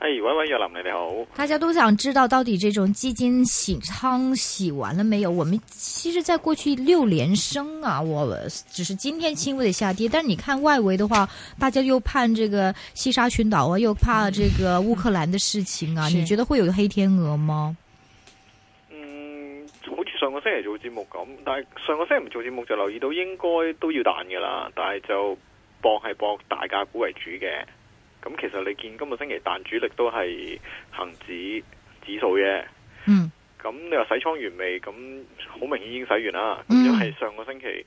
哎，喂喂，若林，你你好。大家都想知道到底這種基金洗倉洗完了沒有？我們其實，在過去六連升啊，我只是今天輕微的下跌。但係你看外圍的話，大家又怕這個西沙群島啊，又怕這個烏克蘭的事情啊，你覺得會有黑天鵝嗎？嗯，好似上個星期做節目咁，但係上個星期唔做節目就留意到應該都要彈噶啦，但係就博係博大價股為主嘅。咁其實你見今個星期彈主力都係恒指指數嘅，嗯，咁你話洗倉完未？咁好明顯已經洗完啦，咁、嗯、就係上個星期誒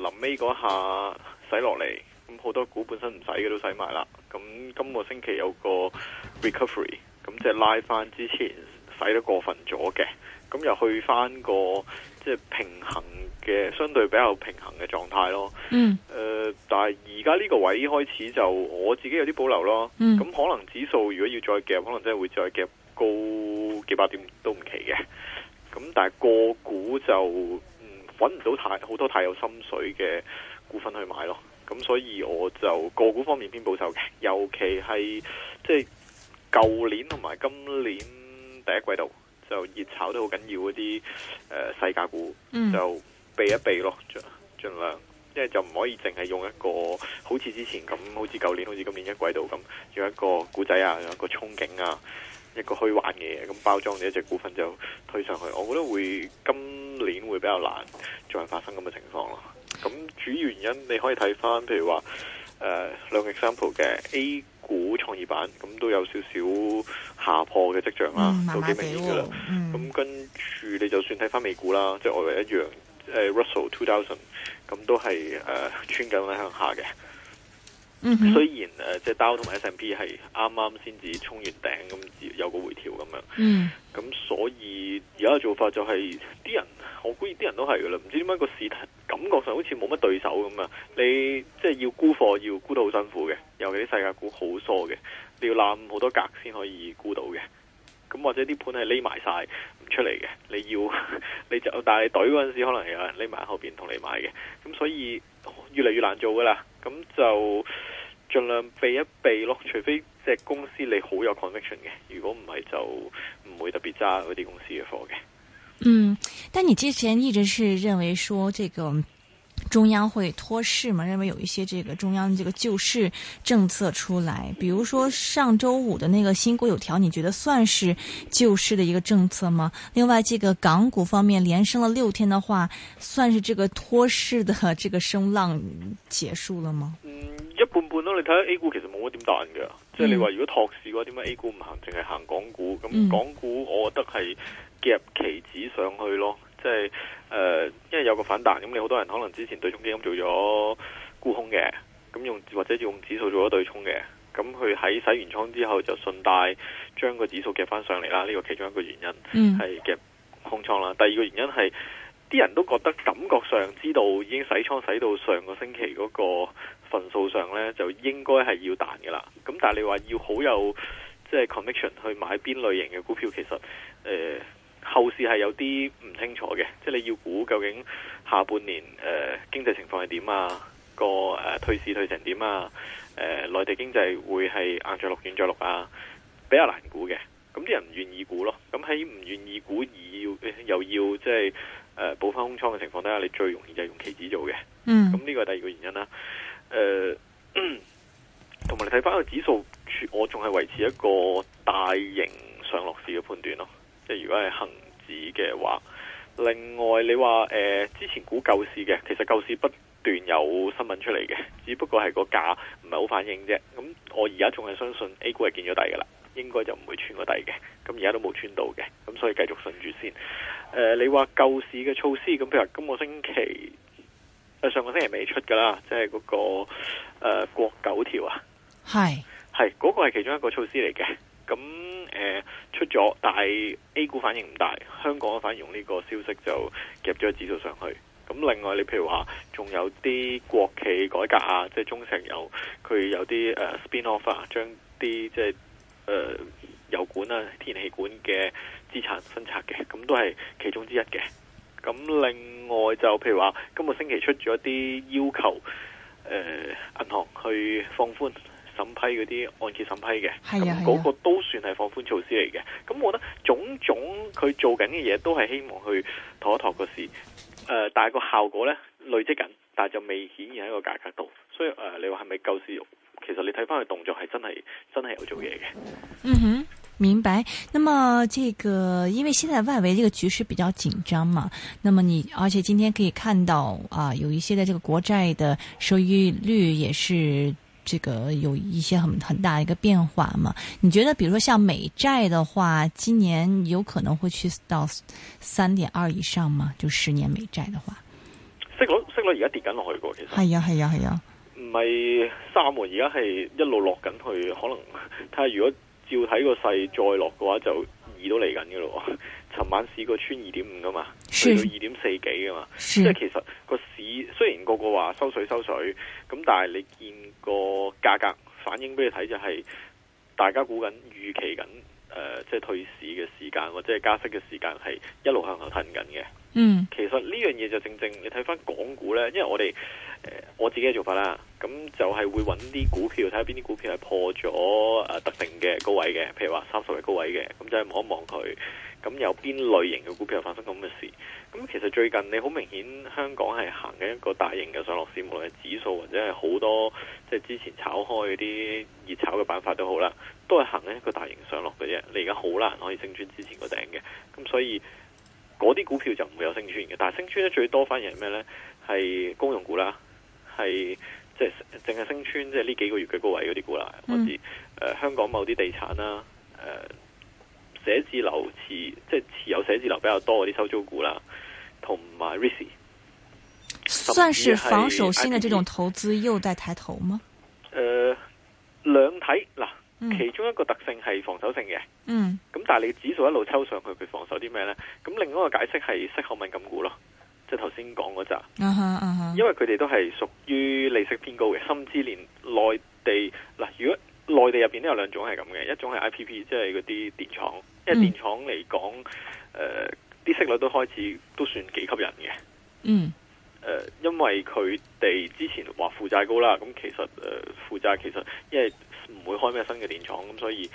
臨尾嗰下洗落嚟，咁好多股本身唔洗嘅都洗埋啦。咁今個星期有個 recovery，咁即係拉翻之前洗得過分咗嘅，咁又去翻個即係、就係、平衡嘅相對比較平衡嘅狀態咯。嗯，誒、呃。但係而家呢個位開始就我自己有啲保留咯，咁、嗯、可能指數如果要再夾，可能真係會再夾高幾百點都唔奇嘅。咁但係個股就，嗯，揾唔到太好多太有心水嘅股份去買咯。咁所以我就個股方面偏保守嘅，尤其係即係舊年同埋今年第一季度就熱炒得好緊要嗰啲誒細價股、嗯，就避一避咯，盡盡量。即係就唔可以淨係用一個好似之前咁，好似舊年、好似今年一季度咁，用一個古仔啊，用一個憧憬啊、一個虛幻嘅嘢咁包裝你一隻股份就推上去。我覺得會今年會比較難再發生咁嘅情況咯。咁主要原因你可以睇翻，譬如話誒兩個 example 嘅 A 股創業板咁都有少少下破嘅跡象啦，嗯、都幾明顯噶啦。咁、嗯、跟住你就算睇翻美股啦，即係外圍一樣。誒、uh, Russell two thousand 咁都係、uh, 穿緊喺向下嘅，mm -hmm. 雖然誒即係 Dow 同埋 S M P 係啱啱先至衝完頂咁，有個回調咁樣。嗯，咁所以而家嘅做法就係、是、啲人，我估啲人都係嘅啦，唔知點解個市態感覺上好似冇乜對手咁啊！你即係、就是、要沽貨，要沽到好辛苦嘅，尤其啲世界股好疏嘅，你要攬好多格先可以沽到嘅。咁或者啲盤係匿埋晒唔出嚟嘅，你要你就但係隊嗰陣時，可能有人匿埋後邊同你買嘅，咁所以越嚟越難做噶啦。咁就盡量避一避咯，除非隻公司你好有 conviction 嘅，如果唔係就唔會特別揸嗰啲公司嘅貨嘅。嗯，但你之前一直是認為說這個。中央會托市嗎？認為有一些這個中央的這個救市政策出來，比如說上周五的那個新國九條，你覺得算是救市的一個政策嗎？另外，這個港股方面連升了六天的話，算是這個托市的這個聲浪結束了嗎？嗯，一半半咯。你睇下 A 股其實冇乜點彈㗎，即係你話如果托市嘅話，點解 A 股唔行，淨係行港股？咁港股我覺得係夾棋子上去咯。即係誒，因為有個反彈，咁你好多人可能之前對沖基金做咗沽空嘅，咁用或者用指數做咗對沖嘅，咁佢喺洗完倉之後就順帶將個指數夾翻上嚟啦。呢個其中一個原因係夾空倉啦。嗯。第二個原因係啲人都覺得感覺上知道已經洗倉洗到上個星期嗰個份數上咧，就應該係要彈噶啦。咁但係你話要好有即係 conviction 去買邊類型嘅股票，其實誒。呃後市係有啲唔清楚嘅，即係你要估究竟下半年誒、呃、經濟情況係點啊，個誒、退、呃、市退成點啊，誒、呃、內地經濟會係硬着陸軟着陸啊，比較難估嘅。咁啲人唔願意估咯，咁喺唔願意估而要又要即係誒補翻空倉嘅情況底下，你最容易就用期指做嘅。嗯，咁呢個係第二個原因啦。誒、呃，同埋你睇翻個指數，我仲係維持一個大型上落市嘅判斷咯。即係如果係恆。市嘅話，另外你話誒、呃、之前估舊市嘅，其實舊市不斷有新聞出嚟嘅，只不過係個價唔係好反應啫。咁我而家仲係相信 A 股係見咗底嘅啦，應該就唔會穿個底嘅。咁而家都冇穿到嘅，咁所以繼續順住先。誒、呃，你話舊市嘅措施，咁譬如話今個星期誒、呃、上個星期未出噶啦，即係嗰、那個誒、呃、國九條啊，係係嗰個係其中一個措施嚟嘅。咁誒，出咗，但係 A 股反應唔大，香港反而用呢個消息就夾咗指數上去。咁另外，你譬如話仲有啲國企改革啊，即係中石油佢有啲誒 spin off 啊，將啲即係誒油管啊、天然氣管嘅資產分拆嘅，咁都係其中之一嘅。咁另外就譬如話，今個星期出咗一啲要求，誒，銀行去放寬。審批嗰啲按揭審批嘅，咁嗰個都算係放寬措施嚟嘅。咁、啊、我覺得種種佢做緊嘅嘢都係希望去妥一妥個事，誒、呃，但係個效果咧累積緊，但係就未顯現喺個價格度。所以誒、呃，你話係咪救市？其實你睇翻佢動作係真係真係有做嘢嘅。嗯哼，明白。那麼這個因為現在外圍這個局勢比較緊張嘛，那麼你而且今天可以看到啊，有一些的這個國債的收益率也是。這個有一些很很大一個變化嘛？你覺得，比如說像美債的話，今年有可能會去到三點二以上嗎？就十年美債的話，息率息率而家跌緊落去噶，其實。係呀係呀係呀，唔 係 三，而家係一路落緊去，可能睇下如果照睇個勢再落嘅話，就二都嚟緊噶咯。尋晚試過穿二點五噶嘛。去到二點四幾噶嘛，即係其實個市雖然個個話收水收水，咁但係你見個價格反映俾你睇就係，大家估緊預期緊誒，即、呃、係、就是、退市嘅時間或者係加息嘅時間係一路向後騰緊嘅。嗯，其實呢樣嘢就正正你睇翻港股咧，因為我哋誒、呃、我自己嘅做法啦，咁就係會揾啲股票睇下邊啲股票係破咗誒、呃、特定嘅高位嘅，譬如話三十日高位嘅，咁就係望一望佢。咁有邊類型嘅股票發生咁嘅事？咁其實最近你好明顯，香港係行緊一個大型嘅上落市，無論係指數或者係好多即係、就是、之前炒開啲熱炒嘅板塊都好啦，都係行緊一個大型上落嘅啫。你而家好難可以升穿之前個頂嘅，咁所以嗰啲股票就唔會有升穿嘅。但係升穿得最多反而係咩呢？係公用股啦，係即係淨係升穿即係呢幾個月嘅高位嗰啲股啦，好似誒香港某啲地產啦，誒、呃。寫字樓持即係持有寫字樓比較多嗰啲收租股啦，同埋 Risi，算是防守性嘅這種投資又帶抬頭嗎？誒、呃，兩睇嗱，其中一個特性係防守性嘅，嗯，咁但係你指數一路抽上去，佢防守啲咩呢？咁另一個解釋係息口敏感股咯，即係頭先講嗰扎，uh -huh, uh -huh. 因為佢哋都係屬於利息偏高嘅，甚至連內地嗱，如果內地入邊都有兩種係咁嘅，一種係 I P P，即係嗰啲電廠。因為電廠嚟講，誒、呃，啲息率都開始都算幾吸引嘅。嗯。誒、呃，因為佢哋之前話負債高啦，咁其實誒負債其實因為唔會開咩新嘅電廠，咁所以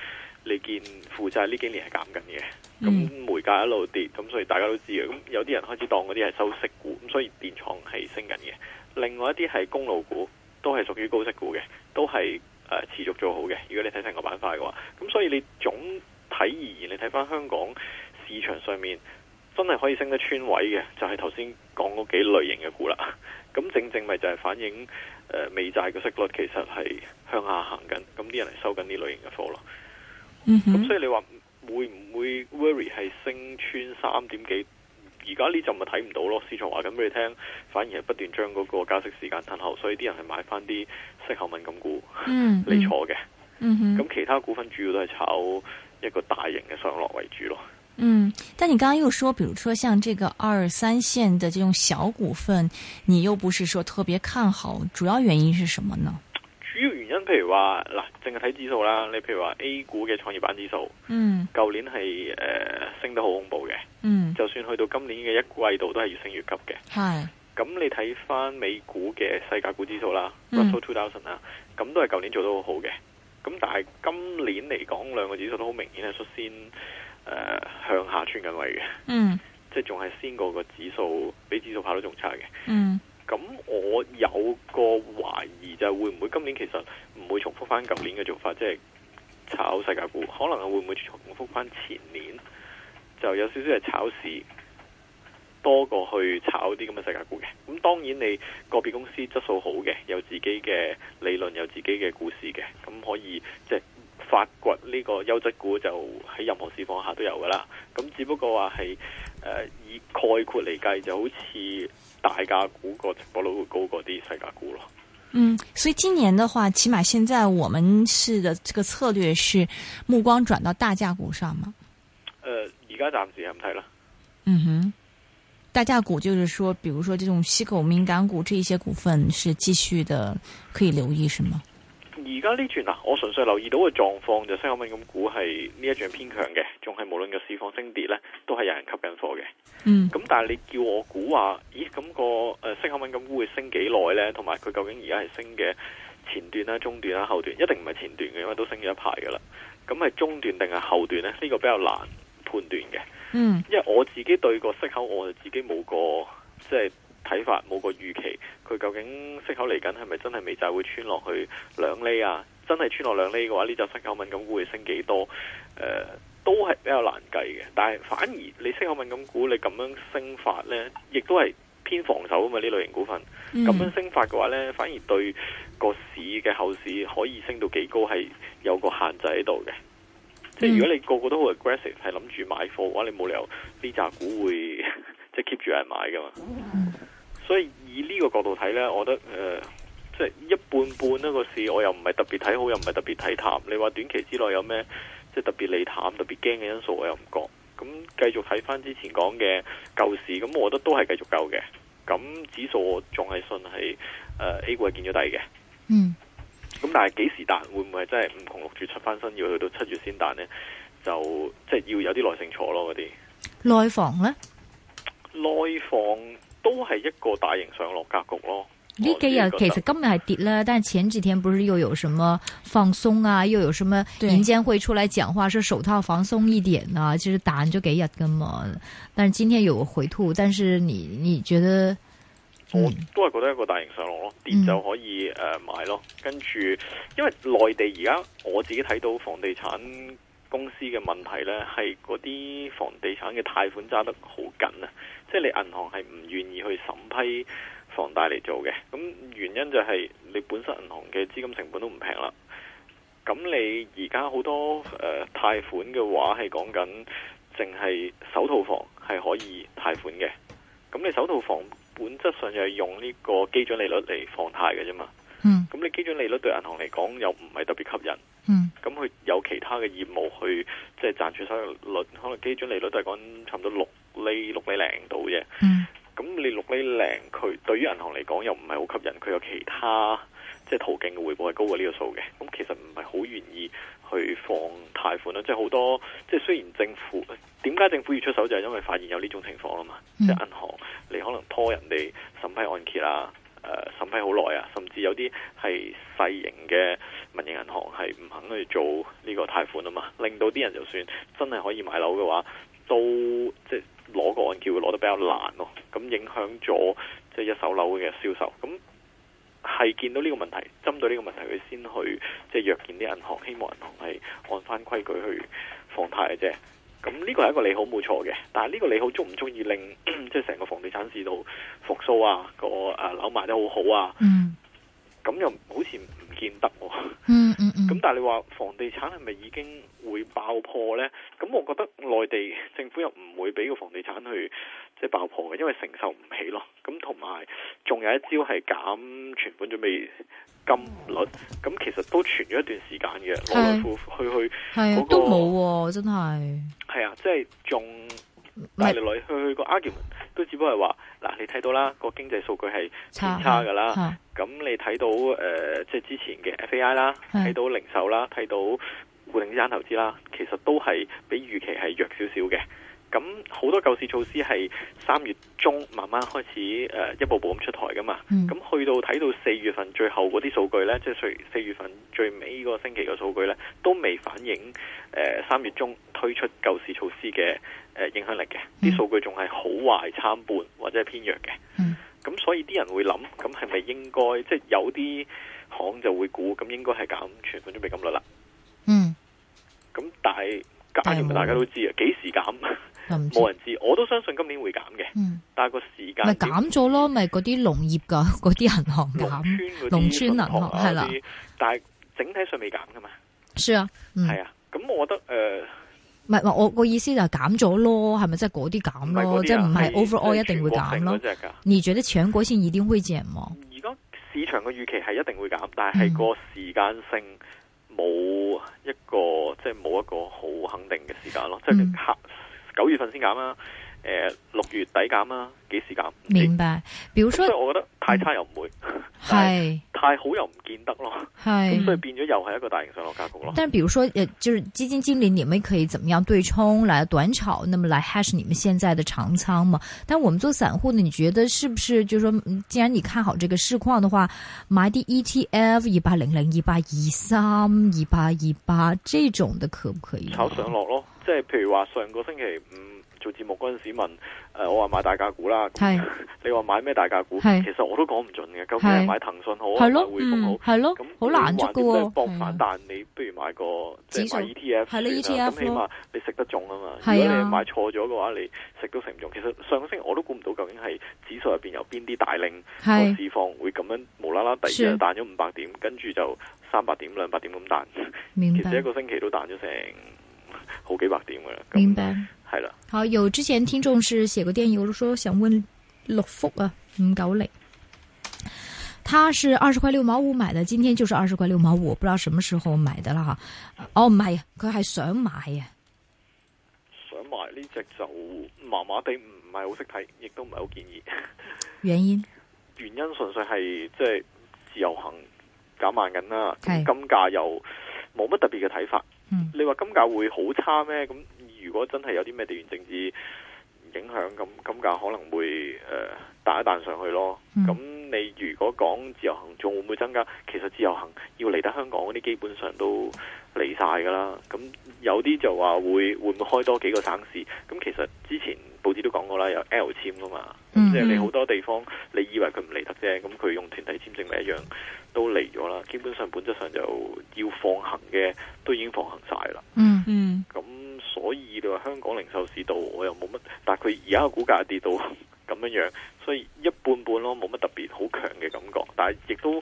你見負債呢幾年係減緊嘅。咁煤價一路跌，咁所以大家都知嘅。咁有啲人開始當嗰啲係收息股，咁所以電廠係升緊嘅。另外一啲係公路股，都係屬於高息股嘅，都係誒持續做好嘅。如果你睇成個板塊嘅話，咁所以你總。睇而言，你睇翻香港市場上面真係可以升得穿位嘅，就係頭先講嗰幾類型嘅股啦。咁正正咪就係反映誒美債嘅息率其實係向下行緊，咁啲人係收緊呢類型嘅貨咯。嗯、mm、咁 -hmm. 所以你話會唔會 worry 係升穿三點幾？而家呢陣咪睇唔到咯。市場話緊俾你聽，反而係不斷將嗰個加息時間褪後，所以啲人係買翻啲息口敏感股嚟、mm -hmm. 坐嘅。嗯、mm、咁 -hmm. 其他股份主要都係炒。一個大型嘅上落為主咯。嗯，但你剛剛又說，比如說像這個二三線的這種小股份，你又不是說特別看好，主要原因是什麼呢？主要原因，譬如話嗱，淨係睇指數啦。你譬如話 A 股嘅創業板指數，嗯，舊年係誒、呃、升得好恐怖嘅，嗯，就算去到今年嘅一季度都係越升越急嘅，係。咁你睇翻美股嘅世界股指數啦，Russell Two Thousand 啊，咁都係舊年做得好好嘅。咁但係今年嚟講，兩個指數都好明顯係率先、呃、向下穿緊位嘅，嗯，即係仲係先個個指數比指數跑得仲差嘅，嗯。咁我有個懷疑就係會唔會今年其實唔會重複翻舊年嘅做法，即係炒世界股，可能會唔會重複翻前年就有少少係炒市。多過去炒啲咁嘅世界股嘅，咁當然你個別公司質素好嘅，有自己嘅理論，有自己嘅故事嘅，咁可以即係、就是、發掘呢個優質股，就喺任何市況下都有噶啦。咁只不過話係誒以概括嚟計，就好似大價股個成功率會高過啲世界股咯。嗯，所以今年的話，起碼現在我們試的這個策略是目光轉到大價股上嘛？誒、呃，而家暫時係唔睇啦。嗯哼。大價股就是說，比如說這種息口敏感股，這一些股份是繼續的可以留意什麼，是嗎？而家呢段啊，我純粹留意到嘅狀況就息口敏感股係呢一仗偏強嘅，仲係無論個市況升跌咧，都係有人吸緊貨嘅。嗯。咁、嗯、但係你叫我估話，咦咁、那個誒息口敏感股會升幾耐咧？同埋佢究竟而家係升嘅前段啦、中段啦、後段，一定唔係前段嘅，因為都升咗一排噶啦。咁係中段定係後段咧？呢、這個比較難。判斷嘅，嗯，因為我自己對個息口，我就自己冇個即係睇法，冇個預期，佢究竟息口嚟緊係咪真係未就會穿落去兩厘啊？真係穿落兩厘嘅話，呢隻息口敏感股會升幾多？誒、呃，都係比較難計嘅。但係反而你息口敏感股你咁樣升法呢，亦都係偏防守啊嘛。呢類型股份咁、嗯、樣升法嘅話呢，反而對個市嘅後市可以升到幾高係有個限制喺度嘅。即係如果你個個都好 aggressive，係諗住買貨嘅話，你冇理由呢隻股會即係 keep 住人買噶嘛。所以以呢個角度睇呢，我覺得誒、即、呃、係、就是、一半半一個市，我又唔係特別睇好，又唔係特別睇淡。你話短期之內有咩即係特別利淡、特別驚嘅因素，我又唔覺。咁繼續睇翻之前講嘅舊市，咁我覺得都係繼續舊嘅。咁指數我仲係信係誒、呃、A 股係見咗底嘅。嗯。咁但係幾時彈？會唔會真係五窮六絕七翻身，要去到七月先彈呢？就即係要有啲耐性坐咯，嗰啲內房呢？內房都係一個大型上落格局咯。呢幾日其實今日係跌啦，但係前幾天不是又有什麼放鬆啊？又有什麼銀監會出來講話，說手套放鬆一點啊？其實彈咗幾日㗎嘛。但係今天有回吐，但是你你覺得？我都係覺得一個大型上落咯，跌就可以誒、呃、買咯。跟住，因為內地而家我自己睇到房地產公司嘅問題呢，係嗰啲房地產嘅貸款揸得好緊啊！即、就、係、是、你銀行係唔願意去審批房貸嚟做嘅。咁原因就係你本身銀行嘅資金成本都唔平啦。咁你而家好多誒、呃、貸款嘅話，係講緊淨係首套房係可以貸款嘅。咁你首套房？本質上又係用呢個基準利率嚟放貸嘅啫嘛，咁、嗯、你基準利率對銀行嚟講又唔係特別吸引，咁、嗯、佢有其他嘅業務去即係賺取收益率，可能基準利率都係講差唔多六厘六厘零度嘅，咁、嗯、你六厘零佢對於銀行嚟講又唔係好吸引，佢有其他。即係途徑嘅回報係高過呢個數嘅，咁其實唔係好願意去放貸款啦。即係好多，即係雖然政府點解政府要出手就係因為發現有呢種情況啊嘛，即係銀行你可能拖人哋審批按揭啊，誒審批好耐啊，甚至有啲係細型嘅民營銀行係唔肯去做呢個貸款啊嘛，令到啲人就算真係可以買樓嘅話，都即係攞個按揭會攞得比較難咯。咁影響咗即係一手樓嘅銷售咁。係見到呢個問題，針對呢個問題，佢先去即係約見啲銀行，希望銀行係按翻規矩去放貸嘅啫。咁呢個係一個利好冇錯嘅，但係呢個利好足唔足以令即係成個房地產市道復甦啊？那個誒樓賣得好好啊？嗯，咁又好似唔見得喎。咁 但係你話房地產係咪已經會爆破呢？咁我覺得內地政府又唔會俾個房地產去即係爆破嘅，因為承受唔起咯。咁同埋。仲有一招係減存款準備金率，咁其實都存咗一段時間嘅，來來去去、那個，係、那個、都冇真係。係啊，的是的即係仲嚟嚟去去個 argument 都只不過係話，嗱，你睇到啦，個經濟數據係差嘅啦。咁你睇到誒，即、呃、係、就是、之前嘅 FAI 啦，睇到零售啦，睇到固定資產投資啦，其實都係比預期係弱少少嘅。咁好多救市措施係三月中慢慢開始誒、呃、一步步咁出台㗎嘛，咁、嗯、去到睇到四月份最後嗰啲數據呢，即係四月份最尾個星期嘅數據呢，都未反映誒三、呃、月中推出救市措施嘅、呃、影響力嘅，啲、嗯、數據仲係好壞參半或者係偏弱嘅。咁、嗯、所以啲人會諗，咁係咪應該即係、就是、有啲行就會估，咁應該係減存款準備金率啦。嗯，咁但係假如大家都知啊，幾時減？冇人知，我都相信今年會減嘅、嗯，但係個時間咪減咗咯？咪嗰啲農業噶，嗰啲銀行，農村嗰啲銀行係啦。但係整體上未減噶嘛？是啊，係、嗯、啊。咁我覺得誒，唔、呃、係我、那個意思就係減咗咯，係咪即係嗰啲減咯？即係唔係 overall 一定會減咯、那個？你覺得全國性一定會減嗎？而家市場嘅預期係一定會減，但係個時間性冇一個、嗯、即係冇一個好肯定嘅時間咯，嗯、即係九月份先減啦、啊，誒、呃、六月底減啦、啊，幾時減？明白。比如說，即係我覺得太差又唔會，係、嗯、太好又唔見得咯，係咁所以變咗又係一個大型上落格局咯。但係比如說誒，就是基金經理你們可以怎麼樣對沖，來短炒，那麼來 hash 你們現在的長倉嘛？但我們做散戶呢，你覺得是不是？就是說，既然你看好這個市況的話，買啲 ETF，二八零零、二八二三、二八二八這種的可不可以炒上落咯？即係譬如話上個星期五、嗯、做節目嗰陣時問，誒、呃、我話買大價股啦， 你話買咩大價股？其實我都講唔盡嘅，究竟係買騰訊好啊，匯豐好？係咯，咁好難捉嘅喎。博反彈你不如買個指數 ETF，咁起碼你食得中啊嘛。如果你買錯咗嘅話，你食都食唔中。其實上個星期我都估唔到，究竟係指數入邊有邊啲大領個市況會咁樣無啦啦第二日彈咗五百點，跟住就三百點兩百點咁彈，其實一個星期都彈咗成。好幾百點嘅啦，明白係啦。好，有之前聽眾是寫過電郵，有說想問六福啊五九零，他是二十塊六毛五買的，今天就是二十塊六毛五，不知道什麼時候買的啦哈、嗯。哦，唔係，佢係想買啊。想買呢隻就麻麻地，唔係好識睇，亦都唔係好建議。原因原因純粹係即係自由行減慢緊啦，金價又冇乜特別嘅睇法。嗯，你話金價會好差咩？咁如果真係有啲咩地緣政治影響，咁金價可能會誒彈、呃、一彈上去咯。咁。你如果講自由行仲會唔會增加？其實自由行要嚟得香港嗰啲基本上都嚟晒㗎啦。咁有啲就話會會唔會開多幾個省市？咁其實之前報紙都講過啦，有 L 簽㗎嘛。Mm-hmm. 即係你好多地方，你以為佢唔嚟得啫，咁佢用團體簽證咪一樣都嚟咗啦。基本上本質上就要放行嘅，都已經放行晒啦。嗯嗯。咁所以你話香港零售市道，我又冇乜。但係佢而家嘅股價跌到咁樣樣。所以一半半咯，冇乜特別好強嘅感覺，但係亦都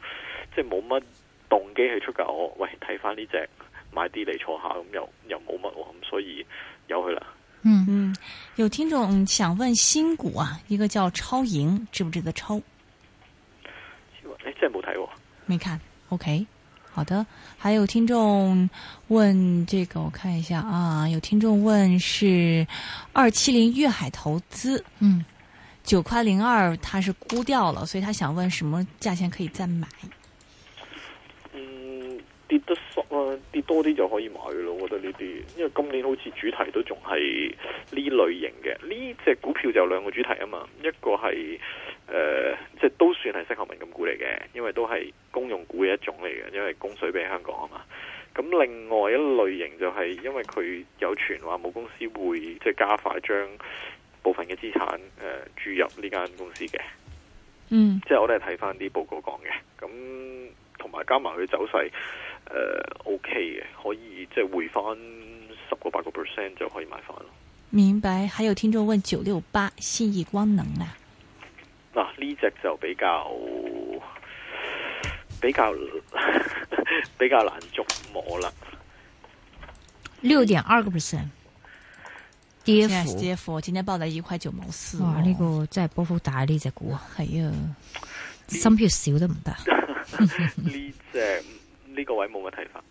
即係冇乜動機去出噶。我喂，睇翻呢隻買啲嚟坐下，咁又又冇乜，咁所以有佢啦。嗯嗯，有聽眾想問新股啊，一個叫超盈，值唔值得抽？誒、欸，真係冇睇喎，未看。OK，好的。還有聽眾問這個，我看一下啊，有聽眾問是二七零粵海投資，嗯。九塊零二，他是沽掉了，所以他想問什麼價錢可以再買？嗯，跌得少，跌多啲就可以買咯。我覺得呢啲，因為今年好似主題都仲係呢類型嘅，呢隻股票就有兩個主題啊嘛，一個係誒、呃、即係都算係適合敏感股嚟嘅，因為都係公用股嘅一種嚟嘅，因為供水俾香港啊嘛。咁另外一類型就係因為佢有傳話母公司會即係加快將。部分嘅資產誒、呃、注入呢間公司嘅，嗯，即係我都係睇翻啲報告講嘅，咁同埋加埋佢走勢誒、呃、，OK 嘅，可以即係回翻十個八個 percent 就可以買翻咯。明白。還有聽眾問九六八信義光能咧、啊，嗱呢隻就比較比較呵呵比較難捉摸啦，六點二個 percent。JF，JF，今天報的一塊九毛四，哦。哇，呢、這個真係波幅大呢隻股啊！係啊，心跳少都唔得。呢隻呢個位冇乜睇法，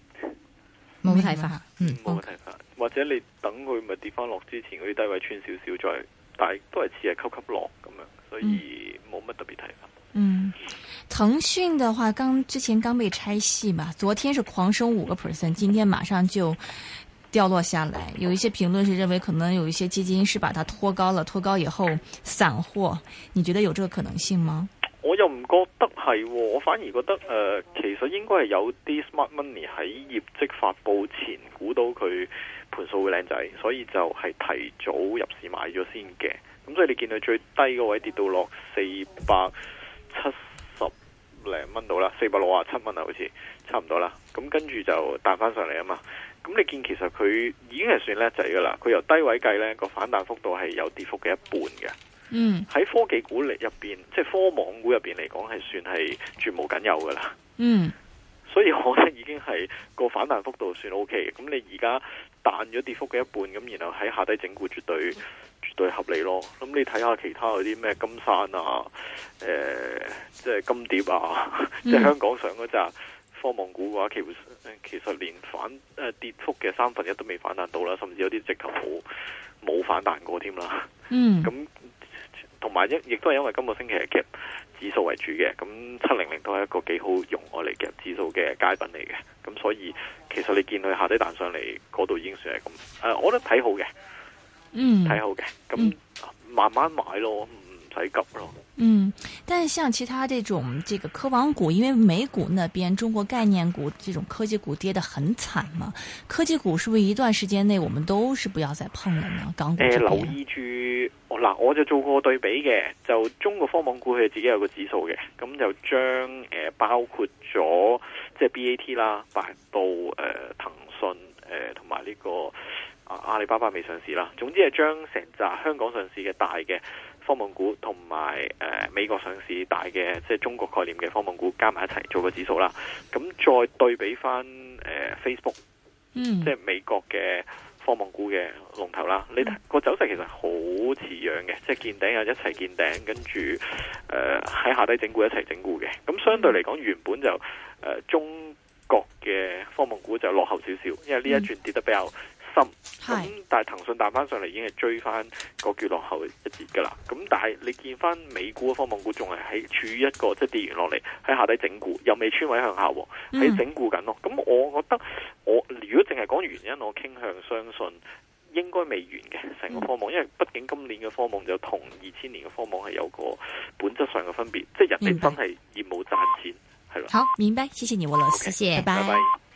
冇睇法，嗯，冇乜睇法。Okay. 或者你等佢咪跌翻落之前嗰啲低位穿少少再，但係都係似係級級落咁樣，所以冇乜特別睇法。嗯，騰訊的話剛，剛之前剛被拆細嘛，昨天是狂升五個 percent，今天馬上就。掉落下來，有一些評論是認為可能有一些基金是把它拖高了，拖高以後散貨，你覺得有這個可能性嗎？我又唔覺得係，哦，我反而覺得誒、呃，其實應該係有啲 smart money 喺業績發布前估到佢盤數會靚仔，所以就係提早入市買咗先嘅。咁所以你見到最低個位置跌到落四百七十零蚊到啦，四百六啊七蚊啊，好似差唔多啦。咁跟住就彈翻上嚟啊嘛。咁你見其實佢已經係算叻仔噶啦，佢由低位計呢個反彈幅度係有跌幅嘅一半嘅。嗯，喺科技股嚟入邊，即係科網股入邊嚟講係算係絕無僅有噶啦。嗯，所以我覺得已經係個反彈幅度算 O K 嘅。咁你而家彈咗跌幅嘅一半，咁然後喺下低整固絕對絕對合理咯。咁你睇下其他嗰啲咩金山啊，誒、呃，即係金蝶啊，嗯、 即係香港上嗰扎。科網股嘅話，其實其實連反誒、呃、跌幅嘅三分一都未反彈到啦，甚至有啲直頭冇冇反彈過添啦。嗯、mm.，咁同埋亦都係因為今個星期係夾指數為主嘅，咁七零零都係一個幾好用我嚟夾指數嘅佳品嚟嘅。咁所以其實你見佢下跌彈上嚟嗰度已經算係咁。誒、呃，我覺得睇好嘅，嗯，睇好嘅。咁慢慢買咯。急咯。嗯，但係像其他這種這個科網股，因為美股那邊中國概念股這種科技股跌得很慘嘛，科技股是不是一段時間內我們都是不要再碰了呢？港股誒、呃，留意住，嗱、啊，我就做過對比嘅，就中國科網股佢自己有個指數嘅，咁就將誒、呃、包括咗即係 B A T 啦，百度誒，騰訊誒，同埋呢個阿、啊、阿里巴巴未上市啦，總之係將成紮香港上市嘅大嘅。科網股同埋誒美國上市大嘅即係中國概念嘅科網股加埋一齊做個指數啦，咁再對比返誒 Facebook，即係美國嘅科網股嘅龍頭啦，你睇個走勢其實好似樣嘅，即係見頂又一齊見頂，跟住誒喺下低整固一齊整固嘅，咁相對嚟講原本就誒、呃、中國嘅科網股就落後少少，因為呢一轉跌得比較。心是但係騰訊彈翻上嚟，已經係追翻個叫落後一截噶啦。咁但係你見翻美股嘅科網股仲係喺處於一個即係跌完落嚟，喺、就是、下，下底整固，又未穿位向下，喺、嗯、整固緊咯。咁我覺得，我如果淨係講原因，我傾向相信應該未完嘅成個科網，嗯、因為畢竟今年嘅科網就同二千年嘅科網係有個本質上嘅分別，即、就、係、是、人哋真係業務賺錢，係咯。好，明白，謝謝你，我老師，okay, 謝謝，拜拜。拜拜。